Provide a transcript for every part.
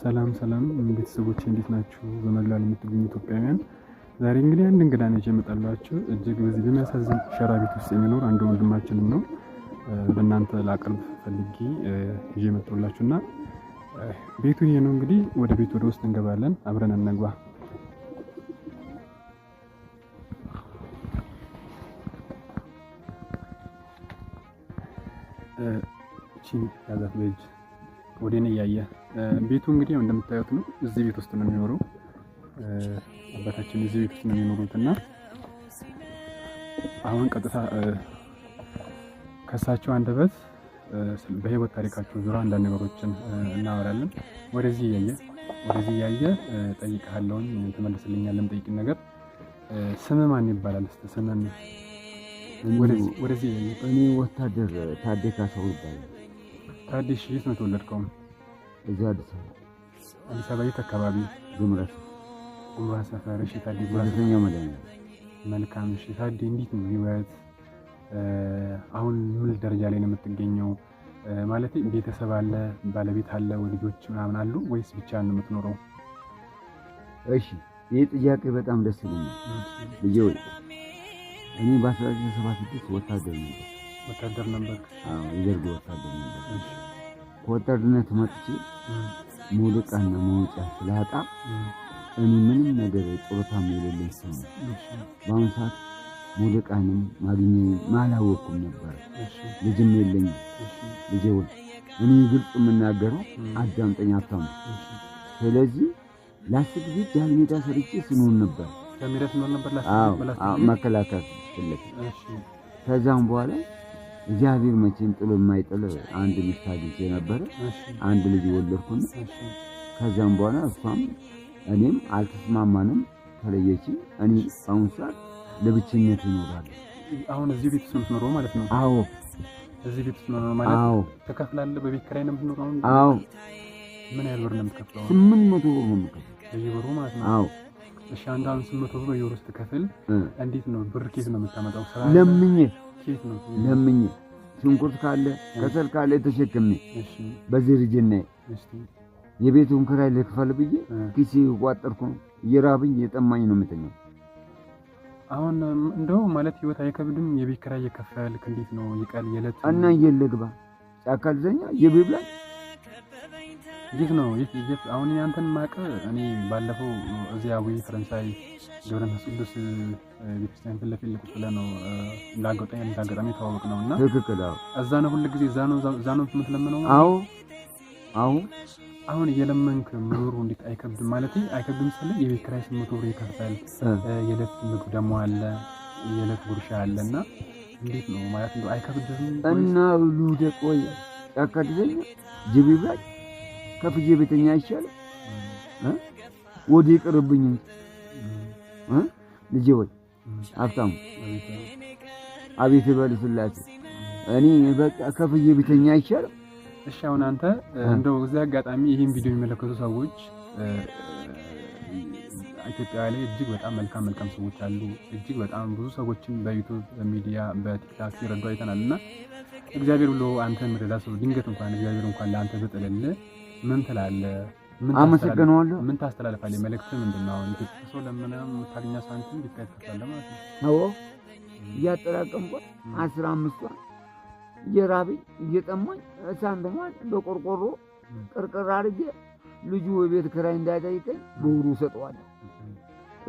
ሰላም ሰላም ቤተሰቦች እንዴት ናችሁ? በመላው የምትገኙ ኢትዮጵያውያን፣ ዛሬ እንግዲህ አንድ እንግዳ ነጭ የመጣላችሁ እጅግ በዚህ በሚያሳዝን ሸራ ቤት ውስጥ የሚኖር አንድ ወንድማችን ነው ለእናንተ ላቀርብ ፈልጌ ይዤ መጣሁላችሁ እና ቤቱ ይሄ ነው። እንግዲህ ወደ ቤት ወደ ውስጥ እንገባለን። አብረን እንግባ። ቺን ያዛት በእጅ ወዴን እያየ ቤቱ እንግዲህ እንደምታዩት ነው። እዚህ ቤት ውስጥ ነው የሚኖሩ አባታችን፣ እዚህ ቤት ውስጥ ነው የሚኖሩት እና አሁን ቀጥታ ከእሳቸው አንደበት በህይወት ታሪካቸው ዙሪያ አንዳንድ ነገሮችን እናወራለን። ወደዚህ እያየ ወደዚህ እያየ ጠይቀሃለውን ትመልስልኛለን። ጠይቅን ነገር ስም ማን ይባላል? ስ ስምን ወደዚህ እያየ እኔ ወታደር ታደካ ሰው ይባላል አዲስ የት ነው የተወለድከው? እዚህ አዲስ አበባ። አዲስ አበባ የት አካባቢ? ጉምራት ጉራ ሰፈር። እሺ ታዲ ጉራተኛው መደኛ መልካም። እሺ ታዲ እንዴት ነው ህይወት? አሁን ምን ደረጃ ላይ ነው የምትገኘው? ማለት ቤተሰብ አለ፣ ባለቤት አለ፣ ወልጆች ምናምን አሉ ወይስ ብቻ ነው የምትኖረው? እሺ ይህ ጥያቄ በጣም ደስ ይለኛል። ልጄ እኔ በ1976 ወታደር ነበር ወታደር ነበር። አዎ የደርግ ወታደር ነበር። ከወጣትነት መጥቼ መውደቃና መውጫ ስላጣ እኔ ምንም ነገር ጡረታ የሌለ ይሰማል። በአሁኑ ሰዓት ቀንም ማግኘ ማላወቅኩም ነበር። ልጅም የለኝ። ልጅ ወይ እኔ ግልጽ የምናገረው አዳምጠኝ አታሙ። ስለዚህ ላስቅ ጊዜ ሜዳ ሰርቼ ስንሆን ነበር መከላከያ ስለች ከዛም በኋላ እግዚአብሔር መቼም ጥሎ የማይጥል አንድ ሚስት አግኝቼ ነበረ። አንድ ልጅ ወለድኩና ከዚያም በኋላ እሷም እኔም አልተስማማንም፣ ተለየች። እኔ አሁን ሰዓት ለብቸኝነት እኖራለሁ። አሁን እዚህ ቤት ውስጥ የምትኖረው ማለት ነው? አዎ፣ እዚህ ቤት ውስጥ ማለት ነው። ትከፍላለህ? በቤት ኪራይ ነው የምትኖረው? አዎ። ምን ያህል ብር ነው የምትከፍለው? ስምንት መቶ ብር ነው በየወሩ ማለት ነው? አዎ። እሺ፣ አንድ አሁን ስምንት መቶ ብር በየወሩ ስትከፍል እንዴት ነው ብር ነው የምታመጣው? ስራ ለምኜ ለምኝ ሽንኩርት ካለ ከሰል ካለ ተሸክሜ በዚህ ልጅና የቤቱን ክራይ ልክፈል ብዬ ኪሴ ቋጠርኩ። እየራብኝ እየጠማኝ ነው የምተኛው። አሁን እንደው ማለት ህይወት አይከብድም? የቤት ክራይ እየከፈልክ እንዴት ነው ይቀል የለት እና እየለግባ ጫካል ዘኛ የቤብላ ይህ ነው ይህ ይህ አሁን ያንተን ማቀ እኔ ባለፈው እዚያ አዊ ፈረንሳይ ገብረ መንፈስ ቅዱስ ቤተክርስቲያን ፊት ለፊት ቁጭ ብለን ነው እንዳጋጣሚ እንዳጋጣሚ የተዋወቅ ነው እና ትክክል። እዛ ነው ሁሉ ጊዜ እዛ ነው እዛ ነው የምትለምነው። አዎ አዎ። አሁን እየለመንክ መኖሩ እንዴት አይከብድም? ማለት አይከብድም ስለ የቤት ኪራይ ስምንት ብር ይከፍላል። የዕለት ምግብ ደግሞ አለ፣ የዕለት ጉርሻ አለ እና እንዴት ነው ማለት አይከብድም? እና ብሉ ደቆይ ያካድዘኝ ጅብ ይብላል ከፍዬ ቤተኛ ይሻላል። ወዲ ይቅርብኝ እ ልጄ ወይ ሀብታሙ አቤት በልስላችሁ እኔ በቃ ከፍዬ ቤተኛ ይሻላል። እሺ አሁን አንተ እንደው እዚህ አጋጣሚ ይህን ቪዲዮ የሚመለከቱ ሰዎች ኢትዮጵያ ላይ እጅግ በጣም መልካም መልካም ሰዎች አሉ። እጅግ በጣም ብዙ ሰዎችን በዩቱብ በሚዲያ በቲክታክ ሲረዱ አይተናል እና እግዚአብሔር ብሎ አንተ መረዳ ሰው ድንገት እንኳን እግዚአብሔር እንኳን ለአንተ ብጥልልህ ምን ትላለህ? አመሰግነዋለሁ። ምን ታስተላልፋለህ? መልእክት ምንድን ነው? ሰው ለምን የምታገኛ ሳንቲም ቢካይከታለ ማለት ነው። አዎ እያጠራቀምኳት አስራ አምስቷን እየራበኝ እየጠማኝ ሳንቲሟን በቆርቆሮ ቅርቅር አድርጌ ልጁ የቤት ክራይ እንዳይጠይቀኝ በውሩ ሰጠዋለሁ።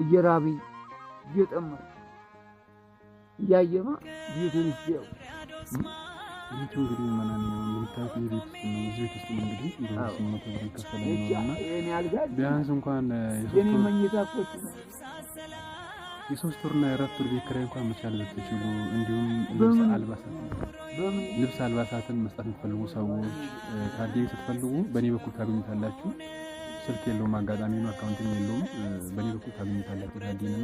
እየራበኝ እየጠማኝ እያየማ ቤቱን ይስው እንግዲህ የምታዩት የቤት ውስጥ ነው። እዚህ ቤት ቢያንስ እንኳን የሶስት ወርና የአራት ወር ቤት ኪራይ እንኳን መቻል ብትችሉ፣ እንዲሁም ልብስ አልባሳትን መስጠት የምትፈልጉ ሰዎች ታዲያ ስትፈልጉ በእኔ በኩል ታገኙታላችሁ። ስልክ የለውም አጋጣሚ ነው፣ አካውንትም የለውም። በእኔ በኩል ታገኙታላችሁ ታዲያን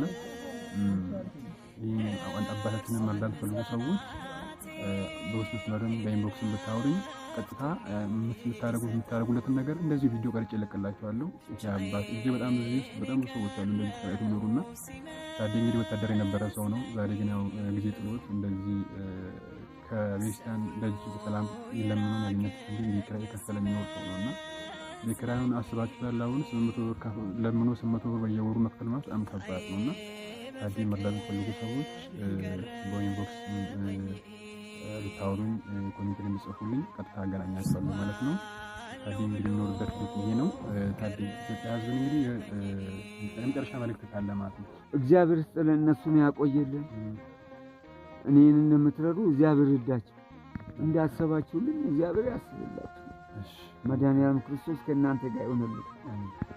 አባታችንን መርዳት ፈልጉ ሰዎች በውስጥ መስመርም በኢንቦክስም ብታወሩኝ ቀጥታ የምታደረጉት የምታደረጉለትን ነገር እንደዚህ ቪዲዮ ቀርጬ እለቅላቸዋለሁ። አባት እጅግ በጣም ብዙ ውስጥ በጣም ብዙ ሰዎች አሉ እንደዚህ ስራ የሚኖሩ እና ታዴ እንግዲህ ወታደር የነበረ ሰው ነው። ዛሬ ግን ያው ጊዜ ጥሎት እንደዚህ ከቤተክርስቲያን ደጅ በሰላም ለምኖ ማግኘት ስ ኪራይ የከፈለ የሚኖር ሰው ነው እና የኪራዩን አስባችኋል። አሁን ስምንት ብር ለምኖ ስምንት ብር በየወሩ መክፈል ማለት በጣም ከባድ ነው እና ታዴ መርዳት የሚፈልጉ ሰዎች በኢንቦክስ ልታወሩኝ ኮሜንት ላይ የምጽፉልኝ ቀጥታ አገናኛቸዋለሁ ማለት ነው። ታዲ እንግዲህ የምኖርበት ቤት ይሄ ነው። ታዲ ኢትዮጵያ ህዝብን እንግዲህ የመጨረሻ መልእክት ካለ ማለት ነው። እግዚአብሔር ስጥል እነሱን ያቆየልን። እኔን እንደምትረዱ እግዚአብሔር ይርዳችሁ። እንዳሰባችሁልኝ እግዚአብሔር ያስብላችሁ። መድኃኒዓለም ክርስቶስ ከእናንተ ጋር ይሆንልን።